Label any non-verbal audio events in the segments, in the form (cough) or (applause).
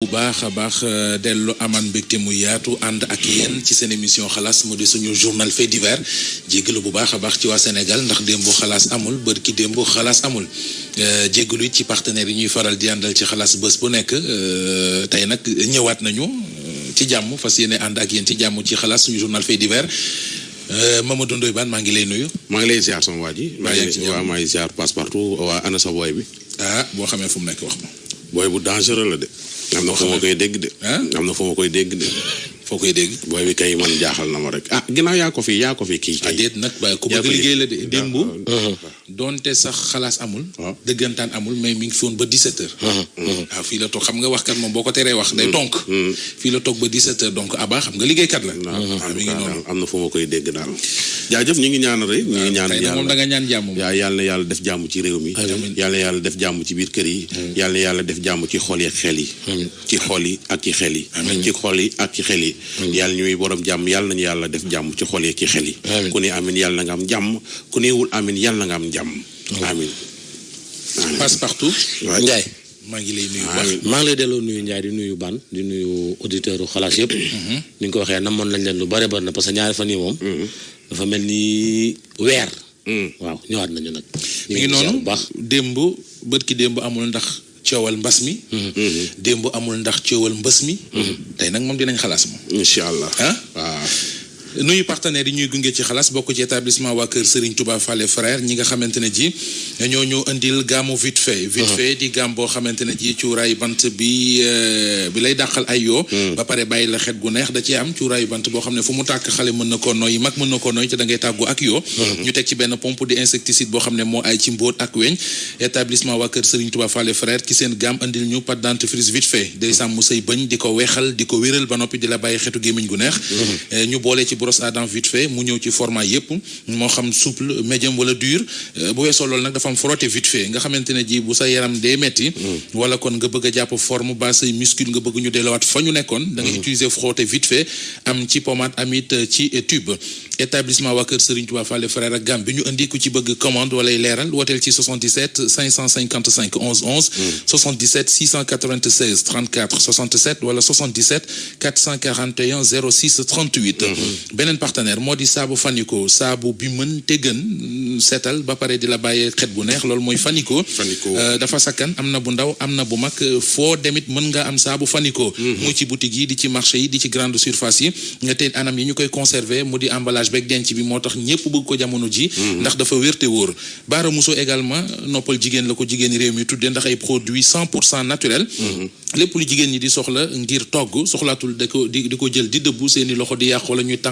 bu baax a baax euh, dellu aman mbégte mu yaatu ànd ak yéen ci seen émission xalaas mu di suñu journal fait divers jéggalu bu baax a baax ci waa Sénégal ndax démb xalaas amul bër ki démb xalaas amul euh, jéggalu ci partenaire yi ñuy faral di àndal ci xalaas bés bu nekk euh, tey nag ñëwaat nañu ci jàmm fas yéene ànd ak yéen ci jàmm ci xalaas suñu journal fait divers Mamadou Ndoye Bane maa ngi lay nuyu. maa ngi lay ziar sama waa ji. maa ngi waaw maa ngi ziar passe partout waa ana sa bi. ah boo xamee fu mu nekk wax ma. booy bu dangereux la de. am na fu ma koy dégg de. am na fu koy dégg de. foo koy dégg. booy bi kay man jaaxal na ma rek ah ginnaaw yaa ko fi yaa ko fi kii. kay ah waaye ku bëgg liggéey la de démb. Uh-huh. doonte sax xalaas amul. dëggantaan amul mais mi ngi fi woon ba 17 heures. Mm-hmm. Mm-hmm. waaw fii la toog xam nga wax kat moom boo ko teree wax. day mm-hmm. tonk. fii la toog ba 17 heures donc Abba xam nga liggéeykat la. am na fu ma koy dégg daal. jaajëf ñu ngi ñaan rek. ñu ngi ñaan yàlla moom na yàlla def jàmm ci réew mi. yàlla na yàlla def jàmm ci biir kër yi. yàlla na yàlla ci xol yi ak xel yi. ci xol yi ak ci xel yi. ci xol yi ak ci xel yi. yàlla ñuy borom jàmm yal nañu yàlla def jàmm ci xol yi ak ci xel yi. ku ne amin yàlla nga am jàmm ku newul amin yàlla nga am jàmm jàmm. amiin passe partout. Ndiaye maa ngi lay nuyu baax maa ngi lay delloo nuyu Ndiaye di nuyu ban di nuyu auditeur yu xalaas yëpp. Mm-hmm. ni nga ko waxee na moom lañ leen lu bare bari na que ñaari fan yii moom. Mm-hmm. dafa mel ni weer. Mm. waaw ñëwaat nañu nag. mi ngi noonu démb bët ki démb amul ndax coowal mbas mi. Mm-hmm. démb amul ndax coowal mbas mi. tey nag moom dinañ xalaas moom. incha allah nuyu partenaires yi ñuy gunge ci xalaas bokk ci établissement waa kër Serigne Touba Fallé frère ñi nga xamante ne ji ñoo ñu indil gaamu vite fait. di gaam boo xamante ji cuuraayu bant bi euh, bi lay dàqal ay yoo. ba pare bàyyi la xet gu neex da ci am cuuraayu bant boo xam ne fu mu tàkk xale mën na koo nooy mag mën na koo nooy te da ngay tàggu ak yoo. ñu teg ci benn pompe di insecticide boo xam ne moo ay ci mbóot ak weñ établissement waa kër Serigne Touba Fallé frère ci seen gaam indil ñu pâte dentifrice vite fait day di ko weexal di ko ba noppi di la bàyyi xetu gémmiñ gu neex brosse à dents mu ñëw ci format yëpp moo xam souple médium wala dur euh, bu weesoo loolu nag dafa am frotté vite nga xamante ne ji bu sa yaram dee metti mm. wala kon nga bëgg a jàpp forme ba say muscule nga bëgg ñu delluwaat fa ñu nekkoon da nga mm-hmm. utiliser frotté vite fait am ci pommade amit euh, ci tube établissement waa kër Serigne Touba Fall frère ak Gam bi ñu indi ci bëgg commande wala leeral wooteel ci 77 555 11 11 77 wala 77 441 06 38 beneen partenaire moo di saabu Fanico saabu bi mën te gën seetal ba pare di la bàyyee xet bu neex loolu mooy fannikoo Fanico euh, dafa sakkan am na bu ndaw am na bu mag foo demit mën nga am saabu Fanico. Mhm. mu ci boutique yi di ci marché yi di ci grande surface yi te anam yi ñu koy conserver mu di emballage beeg denc bi moo tax ñëpp bëgg ko jamono ji. Mhm. ndax dafa wér te wóor. Baara Mousso également noppal jigéen la ko jigéen réew mi tuddee ndax ay produits cent pour cent naturel. Mhm. lépp jigéen ñi di soxla ngir togg soxlaatul di ko jël di dëbbu loxo di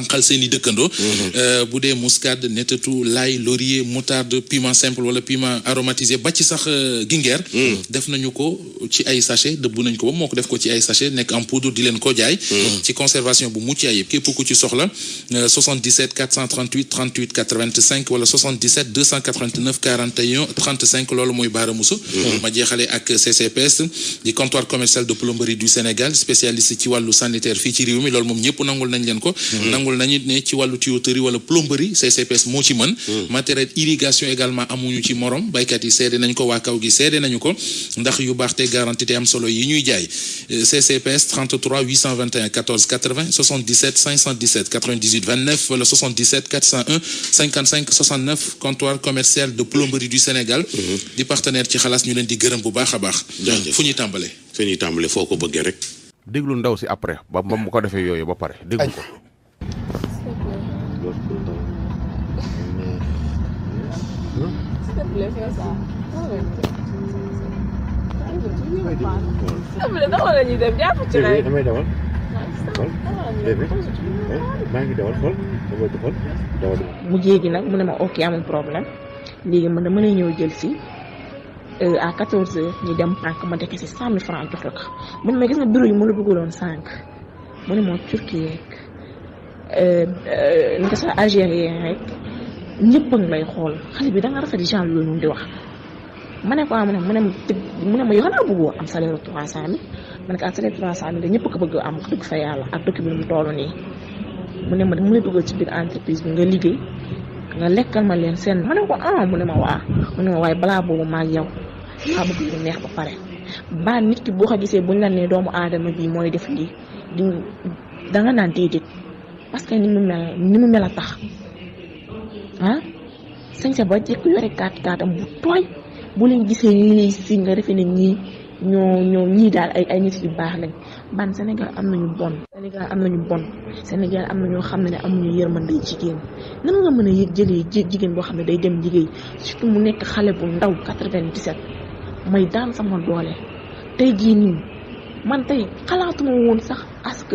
tànqal seen i dëkkandoo mhm. euh, bu dee muscade nettetu l'ail laurier moutarde piment simple wala piment aromatisé ba ci sax euh, gingeer mhm. def nañu ko ci ay sachet dëbb nañ ko ba moo ko def ko ci ay sachet nekk en poudre di leen ko jaay mhm. ci conservation bu mucc ayib képp ku ci soxla 77 438 38 85 wala 77 289 41 35 loolu mooy baara musu ma jeexale ak CCPS di comptoir commercial de plomberie du Sénégal spécialiste ci wàllu sanitaire fii ci réew mi loolu moom ñëpp nangul nañ leen ko nangul xool nañu ne ci wàllu tuyauterie wala plomberie CCPS moo ci mën hmm. matériel irrigation également amuñu ci morom baykat yi seede nañ ko waa kaw gi seede nañu ko ndax yu baax te garantie te am solo yi ñuy jaay CCPS 33 821 14 80 77 517 98 29 wala 77 401 55 69 comptoir commercial de plomberie du Sénégal hmm. di partenaire ci xalaas ñu leen di gërëm bu baax a baax fu ñuy tàmbale fu ñuy tàmbale foo ko bëggee rek déglu ndaw si après ba mu ko defee yooyu ba pare déglu ko la ñuy dem mu jéegi nag mu ne ma ok amul problème léegi man dama lay ñëw jël si à 14h dem banque ma dëkk si 100000 francs jox la ko man ma gis nga bureau yi mu la bëggoon sànq mu ne ma Turquie yeeg nga sax Algérien rek. ñëpp a ngi lay xool xale bi da nga rafet genre yooyu noonu di wax ma ne ko ah ma ne ma ne mu ne ma yoo xam am salaire trois cent mille ma ne ko ah ñëpp ko bëgg am wax dëgg fa yàlla ak dëkk mu nii mu ne ma mu ne ci biir entreprise bi nga liggéey nga lekkal ma leen seen ma ko ah mu ne ma waa mu waaye balaa boobu maa ak yow xaa bëgg lu neex ba pare ba nit ki boo ko gisee buñ la nee doomu aadama bi mooy def lii di da nga naan déedéet parce que ni mu mel ni mu mel a tax. ah ba jëkk yore kaat kaatam bu tooy bu leen gisee ñu lay si nga defee ne ñii ñoo ñoo ñii daal ay ay nit yu baax lañ ban Sénégal am nañu bon Sénégal am nañu bon Sénégal am na ñoo xam ne ne amuñu yërmande jigéen nan nga mën a yëg jëlee jigéen boo xam ne day dem liggéey surtout mu nekk xale bu ndaw 97 may daan sama doole tey jii nii man tey xalaatuma woon sax ask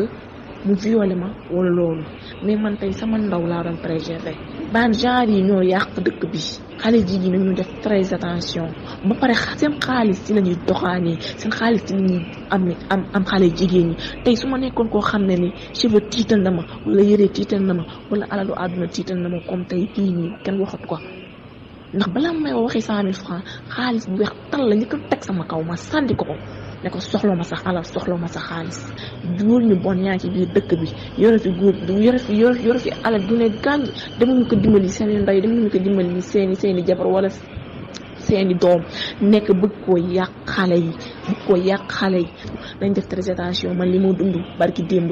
mu violé ma wala loolu mais man tey sama ndaw laa doon préserver baan genre yi ñoo yàq dëkk bi xale jigéen nañu def très attention ba pare seen xaalis ci lañuy ñuy doxaanee seen xaalis ci la am am am xale jigéen ñi tey su ma nekkoon koo xam ne ni cheveux tiital na ma wala yére tiital na ma wala alalu àdduna tiital na ma comme tey kii nii kenn waxatu ko ndax balaa may waxee cent mille xaalis bu weex tal lañu ñu teg sama kaw ma sànni ko ko. ne ko soxla ma sax alal soxla ma sax xaalis ñu bon yaa ci biir dëkk bi yore fi góor yore fi yore yore fi alal du ne ko dimbali seen i ndey dimbali seen seen i jabar wala doom nekk bëgg koo yàq xale yi bëgg koo yàq xale yi dañ def trésitation man li moo dund barki démb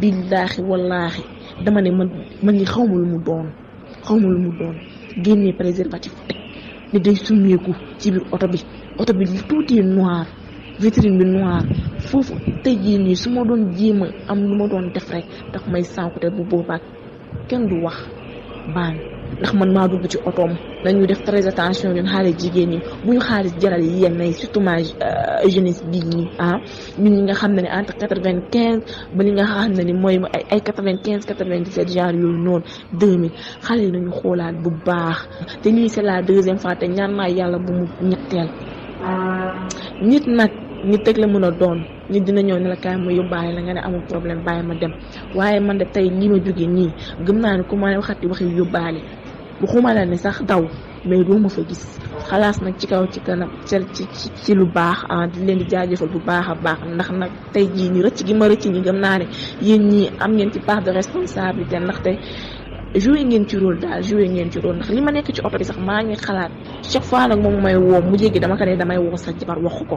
billaahi wallaahi dama ne man man li xawma lu mu doon xawma lu mu doon génnee préservatif teg ni day summeeku ci biir oto bi oto bi tuuti noir vitrine bi noir foofu tey jii nii su ma doon jéem am lu ma doon def rek ndax may sànku te bu boobaat kenn du wax baan ndax man maa dugg ci otoom lañuy def très attention ñun xaalis jigéen ñi bu ñu xaalis jaral yi yenn yi surtout ma jeunesse bii ñi ah ñun ñi nga xam ne ni entre quatre vingt ba li nga xam ne ni mooy ay quatre vingt quinze quatre vingt dix sept genre yooyu noonu deux xale yi nañu xoolaat bu baax te lii c'est la deuxième fois te ñaan naa yàlla bu mu ñetteel nit nag nit rek la mën a doon nit dina ñëw ne la kaay ma yóbbaale la nga ne amul problème bàyyi ma dem waaye man de tey ñi ma jógee nii gëm naa ne ku ma waxati waxi yóbbaale waxuma la ne sax daw mais doo ma fa gis xalaas nag ci kaw ci kanam ci ci ci lu baax ah di leen di jaajëfal bu baax a baax ndax nag tey jii ni rëcc gi ma rëcc gëm naa yéen ñii am ngeen ci part de responsabilité ndaxte joué ngeen ci rôle daal ngeen ci rôle ndax li ma nekk ci oto bi sax maa ngi xalaat chaque fois nag moom may woo mu jéggi dama ko ne damay woo sa jabar waxu ko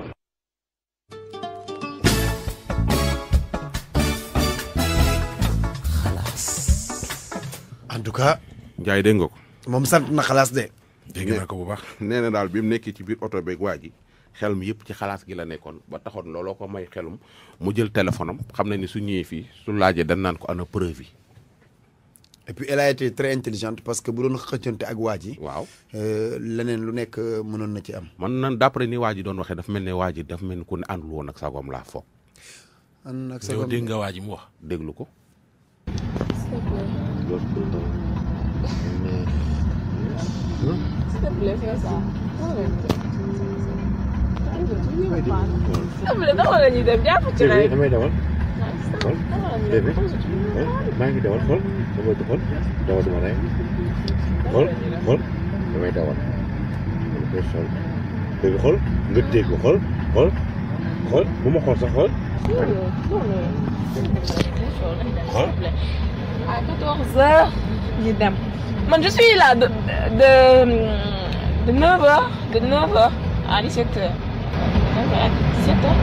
tout ka njaay dégg nga ko. moom sant na xalaas de. dégg ko bu baax. nee na daal bi mu nekkee ci biir oto beeg waa ji xel mi yëpp ci xalaas gi la nekkoon ba taxoon looloo ko may xelum mu jël téléphone am xam na ni su ñëwee fii su laajee dan naan ko ana preuve yi. et puis elle a intelligent parce que bu doon xëccante ak waa ji. waaw euh, leneen lu nekk euh, mënoon na ci am. man nan d'après ni waa ji doon waxee dafa mel ne waa ji daf mel ni ku ne àndul woon ak sagoom laa foog. ànd ak sagoom dégg nga waa ji mu wax déglu ko. l'autre dedans. Mais. Hein? S'il te plaît, fais ça. dama ñuy dem jàpp ci nawet bi damay dawal. xool bébé maa ngi dawal xool damay xool dawal dama rey xool xool damay dawal dama koy sol bébé xool nga dégg xool xool xool bu ma xool sax xool. xool à 14 heures ñu dem man je suis là de de de 9 heures de 9 heures à 17 heures. donc à 17 heures.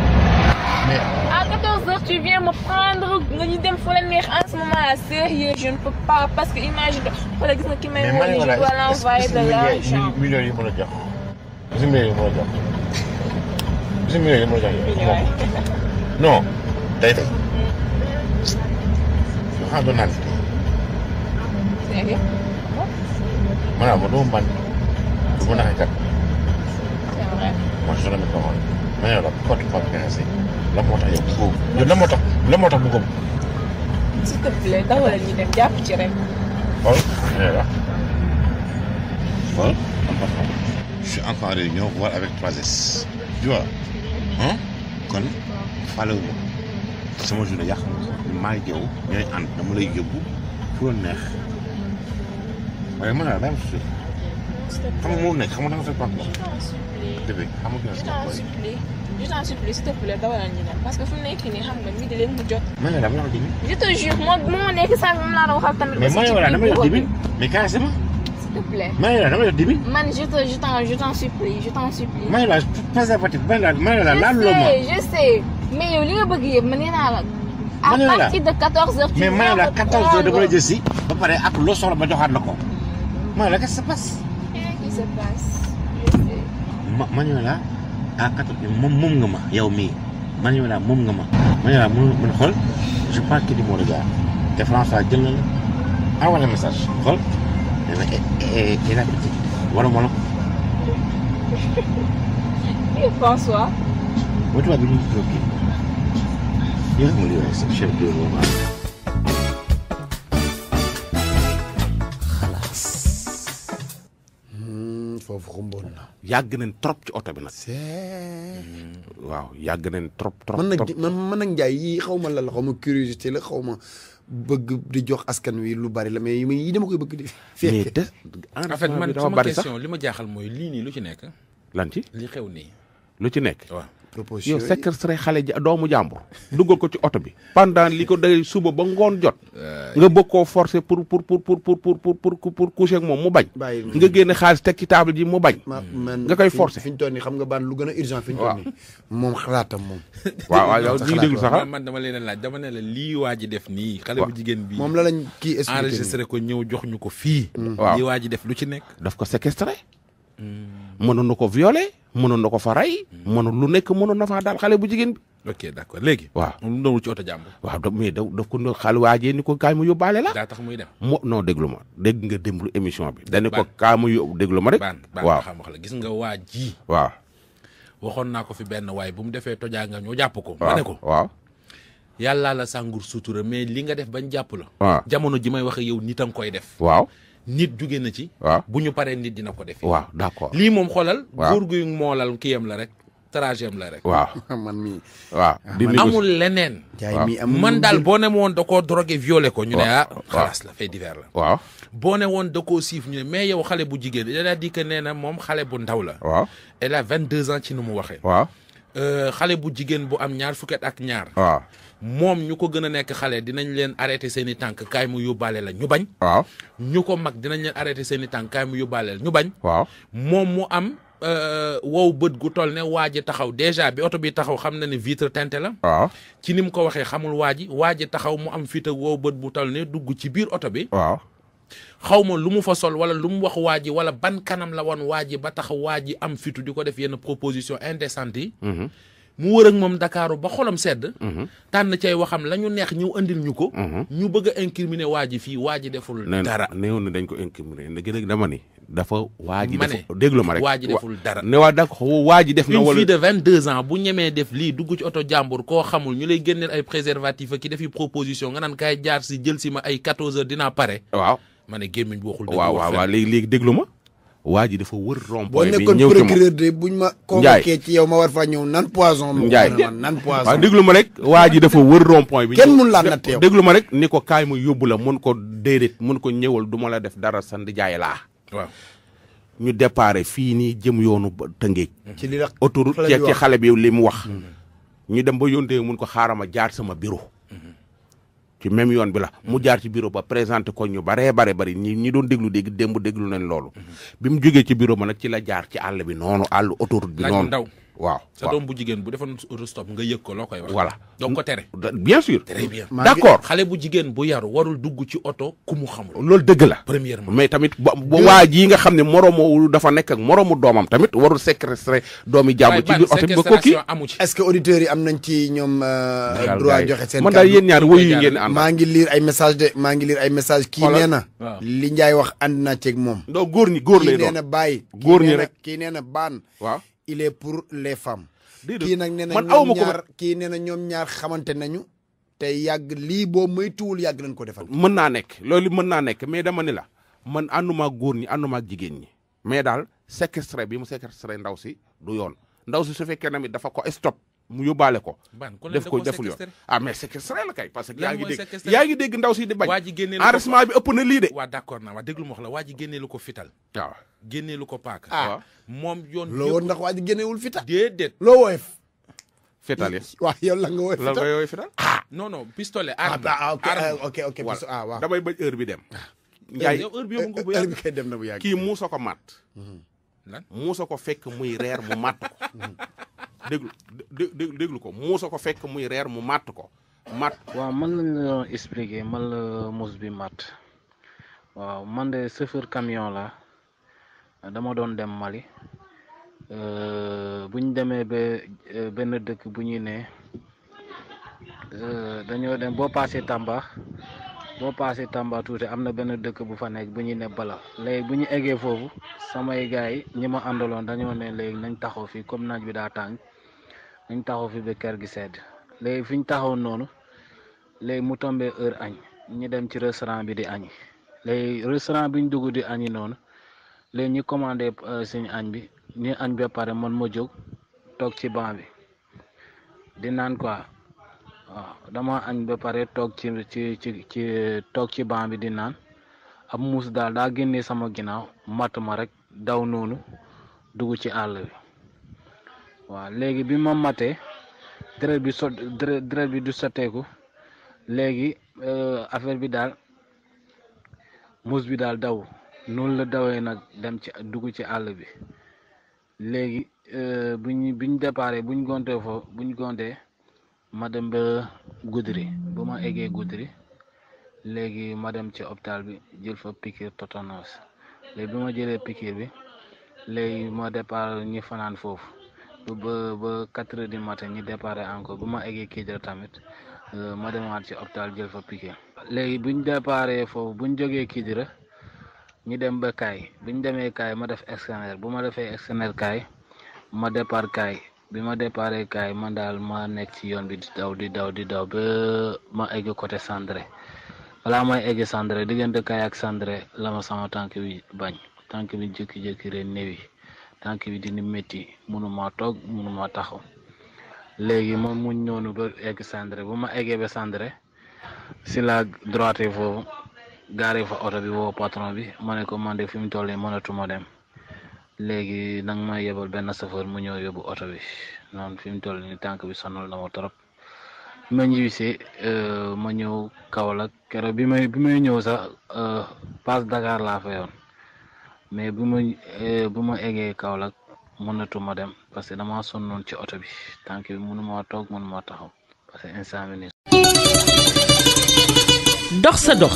mais. à 14 heures tu viens me prendre nga ñu dem fu la neex en ce moment là sérieux je ne peux pas parce que imagine xoolal gis nga ki may. mais je dois l'envoyer de l'argent millions yi mën a jox. bisu millions yi mën a jox. bisu millions yi mën a jox non day def. Mm. xaaral naa ya Mana bodoh umpan. Cuma nak angkat. Masuk dalam kawan. Mana lah kau di kau kena sih. Lah mau tahu buku. Yo lah mau tahu. Lah mau tahu buku. S'il te plaît, tahu lagi dan jawab cerai. Oh, ya lah. Bon, je suis encore en réunion, voire avec 3S. Tu vois Hein Kon, fallait moi. sama journée yàq na ko maa ngi yow ñooy ànd dama lay yóbbu fu neex 얼마나 남았어? xam moo nekk xam nga dafa fekkoon dëgg xam nga. je t'en supplie je t'en supplie s'il te plaît dawalal ñu dem parce que fu mu nekk nii xam nga mii di leen mu jot. ma ne la ma la wax dëgg. je te jure moo moo nekk saa bi mu laa la waxal tamit. mais ma ne la dama jox dëgg mais kaas ma. s'il te plaît ma ne la dama jox dëgg. man je te je t'en je t'en supplie je t'en supplie. ma ne la préservatif ma ne la ma ne la laal loo ma. je sais je sais mais yow li nga bëgg yëpp ma nee naa la. à partir de 14h. mais ma ne la 14h dama la jël si ba pare ak loo soxla ma joxaat la ko Manuela, qu'est-ce qui se passe qui se passe ma Manuela à ah, quatre moom moom nga ma yow mii Manuela moom nga ma Manuela mun mun xool je parle que du mot de gars te François jël na la envoyé message xool dana eh, eh, eh, il a petit wala wala François mooy tubaab bi ñu ngi kii yow mu lii rek chef de foofu xumboon na. yàgg nañ trop ci oto bi nag. waaw yàgg nañ trop trop. man nag man man nag Ndiaye yii xaw ma la la xaw ma curiosité la xaw ma bëgg di jox askan wi lu bari la mais yi dama koy bëgg di. fekk en fait man sama question li ma jaaxal mooy lii nii lu ci nekk. lan ci li xew nii. lu ci nekk waaw. proposition yow séquestré xale doomu jàmbur duggal ko ci oto bi. pendant lii ko day suba ba ngoon jot. nga bëgg koo force pour pour pour pour pour pour pour coucher ak moom mu bañ. nga génne xaalis teg ci table ji mu bañ. nga koy forcer fi ñu toll nii xam nga baan lu gën a urgent. fi ñu toll nii moom xalaatam moom. (laughs) waaw waaw yow sax ah. man dama leen a laaj dama ne la waa ji def nii. xale bu jigéen bi moom la lañ kii expliqué enregistré ko ñëw jox ñu ko fii. Mm. waaw lii waa ji def lu ci nekk. daf ko séquestré. Mm. mënoon na ko violer mënoon na ko fa rey. mënoon lu nekk mënoon na faa daal xale bu jigéen bi. ok d' léegi. waaw mu dawul ci oto jàmbur. waaw da mais da daf ko no xale waajee ni ko kaay mu yóbbaale la. daa tax muy dem mo non déglu ma dégg nga démb émission bi. dañ ko kaay mu déglu ma rek. waaw xam nga gis nga waa ji. waaw. waxoon naa ko fi benn waaye bu mu defee tojaanga ñoo jàpp ko. ma ko waaw. yàllaa la sàngur sutura mais li nga def bañ jàpp la. waaw jamono ji may wax ak yow nit a nga koy def. waaw nit jóge na ci. waaw bu ñu paree nit dina ko defee. waaw d'accord lii moom xoolal. waaw góor guy moolal kiyam la rek. trajet la rek. waaw (laughs) man mii. waaw ah, amul leneen. man daal boo ne woon da koo drogué violé ko. ñu ne ah xalaas la fait divers la. waaw boo ne woon da koo siif ñu ne mais yow xale bu jigéen il a dit que nee na moom xale bu ndaw la. waaw elle a 22 ans ci nu mu waxee. waaw Euh, xale bu jigéen bu am ñaar fukket ak ñaar. waaw moom ñu ko gën a nekk xale dinañ leen arrêté seen i tànk kaay mu yóbbaale la ñu bañ. waaw ñu ko mag dinañ leen arrêté seen i tànk kaay mu ñu bañ. waaw moom mu am euh, wow bët gu toll ne waa ji taxaw dèjà bi oto bi taxaw xam na ne vitre teintée la. waaw ci ni mu ko waxee xamul waa ji waa ji taxaw mu am fit ak wow bët bu toll ne dugg ci biir oto bi. waaw xaw ma lu mu fa sol wala lu mu wax waa ji wala ban kanam la woon waa ji ba tax waa ji am fitu di ko def yenn proposition indécente yi mhm. mu wër ak moom ndakaaru ba xolam sedd mhm. tànn cay waxam la ñu neex ñëw andil ñu ko mhm. ñu bëgg a incriminer waa ji fii waa ji deful dara néew na dañ ko incriminer léegi dama ni dafa waa ji dafa déglu ma rek waa ji deful dara ne waa d'accord waa ji def na wala une fille de vingt deux ans bu ñemee def lii dugg ci oto jàmbur koo xamul ñu lay génneel ay préservatif ak ki defi proposition nga naan kaay jaar si jël si ma ay quatorze heures dinaa pare ma ne gémmiñ bu waxul. waaw waaw waaw léegi léegi déglu ma. waa ji dafa wër rond-point bi ñëw ci ma boo buñ ma. convoqué ci yow ma war fa ñëw nan poison. Ndiaye nan poison waaw déglu ma rek. waa ji dafa wër rond-point bi. kenn mun laa natt yow déglu ma rek ni ko kaay ma yóbbu la mun ko déedéet mun ko ñëwal duma la def dara sa ndijaay laa. waaw ñu déparé fii nii jëm yoonu Tëngéej. ci li la autoroute ci xale bi li mu wax. Mm-hmm. ñu dem ba yóntee mun ko xaaral ma jaar sama bureau. ci même yoon bi la mu jaar ci bureau ba présenté ko ñu baree bare bari ñi ñi doon déglu dégg démb déglu nañ loolu mhm. bi mu jógee ci bureau ma nag ci la jaar ci àll bi noonu àll autoroute bi noonu waaw sa doom bu jigéen bu defoon rostop nga yëg loo koy wax. voilà donc tere. bien sûr. très xale bu jigéen bu yaru warul dugg ci oto ku mu xamul. loolu dëgg la. premièrement mais tamit ba waa ji nga xam ne moromu dafa nekk ak moromu doomam tamit warul séquestrer doomi jàmm ci biir oto bi ba ko kii est ce que auditeurs yi am nañ ci ñoom. Euh, droit joxe seen kàddu man daal yéen ñaar wuyu ngeen ànd. maa ngi lire ay message de maa ngi lire ay message kii nee na. li Ndiaye wax ànd naa ceeg moom. donc góor ñi góor lay doon kii nee na bàyyi. góor ñi rek kii nee na baan waaw il pour les femmes. kii nag nee na ñoom ñaar kii nee na ñoom ñaar xamante nañu. te yàgg lii boo moytuwul yàgg nañ ko defal. mën naa nekk loolu mën naa nekk mais dama ni la man ànduma góor ñi ànduma jigéen ñi mais daal séquestré bi mu séquestré ndaw si du yoon ndaw si su fekkee ne dafa ko stop. mu yóbbaale ko. def ko deful yoon ah mais séquestré la kay. parce que yaa ngi dégg yaa ngi dégg ndaw si di bañ. waa ji génnee bi ëpp na lii de. waaw d' naa waa déglu ma la waa ji génnee lu ko fital. waaw ah. génnee lu ko paak. ah moom yoon. loo woon ndax waa ji génneewul fital. déedéet loo woyof. fital yi waaw yow la nga la nga woyof fital. ah non non pistolet. arme ah, ah ok ok ok ah, damay bañ heure bi dem. Njaay heure dem na bu yàgg. kii muusa ko mat. Mhm. lan muusa ko fekk muy reer mu mat ko mhm. déglu dé déglu ko muusa ko fekk muy reer mu màtt ko màtt. waaw man lañ la expliquer man la muus bi màtt waaw man de chauffeur camion la dama doon dem Mali euh, bu ñu demee ba euh, benn dëkk bu ñuy ne euh, dañoo dem boo paasee Tamba. boo paasee Tamba tuuti am na benn dëkk bu fa nekk bu ñuy ne bala léegi bu ñu eggee foofu samay gars yi ñi ma àndaloon dañoo ne léegi nañ taxaw fii comme naaj bi daa tànk nañ taxaw fi ba kër gi sedd léegi fi ñu taxaw noonu léegi mu tombee heure añ ñu dem ci restaurant bi di añi léegi restaurant bi ñu dugg di añi noonu léegi ñu commandé euh, suñu añ bi ñu añ ba pare man ma jóg toog ci banc bi di naan quoi. waaw dama añ ba pare toog ci ci ci ci toog ci ban bi di naan ab muus daal daa génne sama ginaaw matt ma rek daw noonu dugg ci àll bi waaw léegi bi ma matee deret bi so deret bi du sotteeku léegi euh, affaire bi daal muus bi daal daw noonu la dawee nag dem ci dugg ci àll bi léegi euh, bu ñu bu ñu déparé bu ñu gontee foofu bu ñu gontee ma dem ba Goudiri bu ma eggee Goudiri léegi ma dem ci hôpital bi jël fa piqûre tétanos léegi bi ma jëlee pikir bi léegi ma départ ñi fanaan foofu ba ba quatre heures du matin ñi départ encore bu ma eggee Kidira tamit euh, ma dem demaat ci hôpital jël fa pikir léegi buñ départ foofu buñ jógee Kidira ñu dem ba kaay biñ demee kaay ma def scanner bu ma defee scanner kaay ma départ kaay bi ma déparé kaay man daal ma nekk ci yoon bi di daw di daw di daw ba ma egg côté Sandré balaa may egg Sandré diggante kaay ak Sandré la ma sama tànk bi bañ tànk bi jékki-jékki rek néewi tànk bi dina métti mënuma toog mënuma taxaw léegi ma muñ noonu ba egg Sandré bu ma eggee ba Sandré si la droite foofu gaare fa oto bi woo patron bi ma ne ko man de fi mu toll nii mënatuma dem. léegi nag ma yebal benn chauffeur mu ñëw yóbbu oto bi noonu fi mu toll nii tànk bi sonal na ma trop bi ma ñibbisee euh, ma ñëw Kaolack keroog bi may bi may ñëw sax euh, passe Dakar laa fayoon mais bu ma euh, bu ma eggee Kaolack mënatu ma dem parce que damaa sonnoon ci oto bi tànk bi mënuma toog mënuma taxaw parce que instant bi nii dox sa dox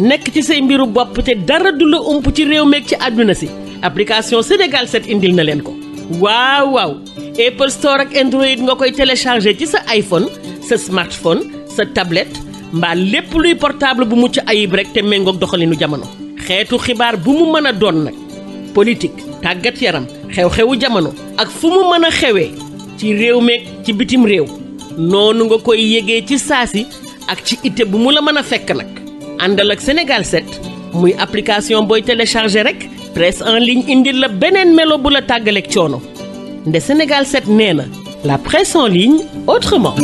nekk ci say mbiru bopp te dara du la ump ci réew meeg ci àdduna si application Sénégal set indil na leen ko waaw waaw Apple Store ak Android nga koy télécharger ci sa iPhone sa smartphone sa tablette mbaa lépp luy portable bu mucc ayib rek te méngoog doxalinu jamono xeetu xibaar bu mu mën a doon nag politique tàggat yaram xew-xewu jamono ak fu mu mën a xewee ci réew meeg ci bitim réew noonu nga koy yégee ci saasi ak ci ite bu mu la mën a fekk nag àndal ak Sénégal set muy application booy télécharger rek presse en ligne indil la beneen melo bu la tàggaleeg coono nde Sénégal 7 nee na la presse en ligne autrement